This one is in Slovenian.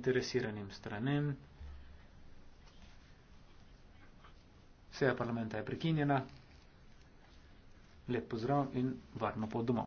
zainteresiranim stranem. Seja parlamenta je prekinjena. Lep pozdrav in varno pot domov.